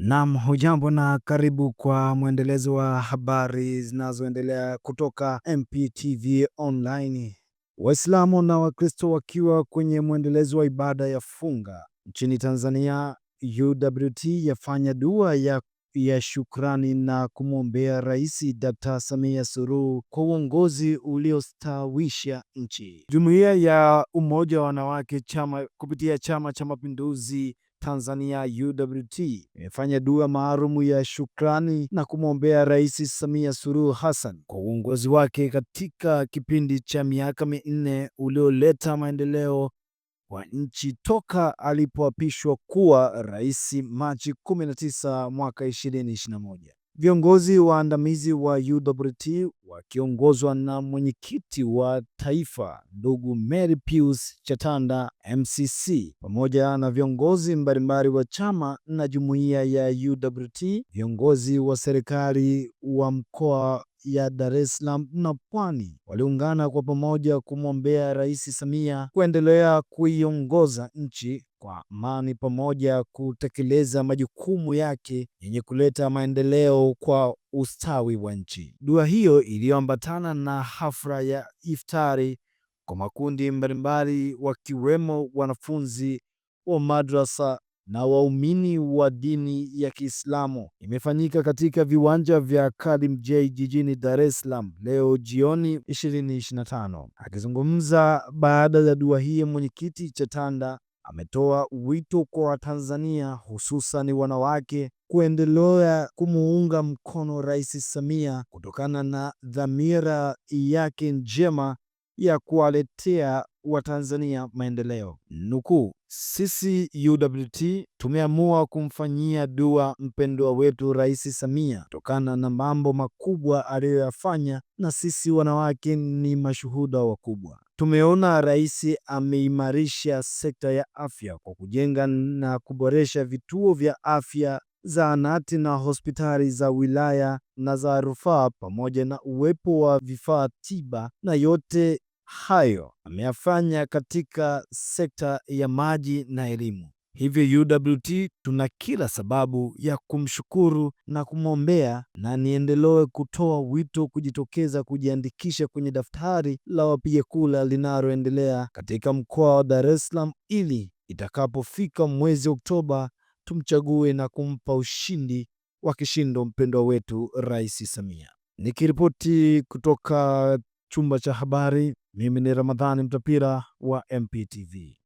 Naam, hujambo na karibu kwa mwendelezo wa habari zinazoendelea kutoka MPTV Online. Waislamu na Wakristo wakiwa kwenye mwendelezo wa ibada ya funga nchini Tanzania, UWT yafanya dua ya ya shukrani na kumwombea Rais Dkt. Samia Suluhu kwa uongozi uliostawisha nchi. Jumuiya ya Umoja wa Wanawake chama kupitia Chama cha Mapinduzi Tanzania UWT imefanya dua maalum ya shukrani na kumwombea Rais Samia Suluhu Hassan kwa uongozi wake katika kipindi cha miaka minne ulioleta maendeleo wa nchi toka alipoapishwa kuwa rais Machi 19 mwaka 2021. Viongozi waandamizi wa UWT wakiongozwa na mwenyekiti wa taifa ndugu Mary Pius Chatanda MCC, pamoja na viongozi mbalimbali wa chama na jumuiya ya UWT, viongozi wa serikali wa mkoa ya Dar es Salaam na Pwani waliungana kwa pamoja kumwombea Rais Samia kuendelea kuiongoza nchi kwa amani pamoja kutekeleza majukumu yake yenye kuleta maendeleo kwa ustawi wa nchi. Dua hiyo iliyoambatana na hafla ya iftari kwa makundi mbalimbali wakiwemo wanafunzi wa madrasa na waumini wa dini ya Kiislamu imefanyika katika viwanja vya Karimjee jijini Dar es Salaam leo jioni 2025. Akizungumza baada ya dua hiyo, mwenyekiti Chatanda ametoa wito kwa Watanzania hususan wanawake kuendelea kumuunga mkono Rais Samia kutokana na dhamira yake njema ya kuwaletea Watanzania maendeleo. Nukuu, sisi UWT tumeamua kumfanyia dua mpendwa wetu Rais Samia kutokana na mambo makubwa aliyoyafanya, na sisi wanawake ni mashuhuda wakubwa. Tumeona Rais ameimarisha sekta ya afya kwa kujenga na kuboresha vituo vya afya, zahanati na hospitali za wilaya na za rufaa pamoja na uwepo wa vifaa tiba, na yote hayo ameyafanya katika sekta ya maji na elimu. Hivyo UWT tuna kila sababu ya kumshukuru na kumwombea, na niendelee kutoa wito kujitokeza kujiandikisha kwenye daftari la wapiga kura linaloendelea katika mkoa wa Dar es Salaam ili itakapofika mwezi Oktoba tumchague na kumpa ushindi wa kishindo mpendwa wetu Rais Samia. Nikiripoti kutoka chumba cha habari, mimi ni Ramadhani Mtapira wa MPTV.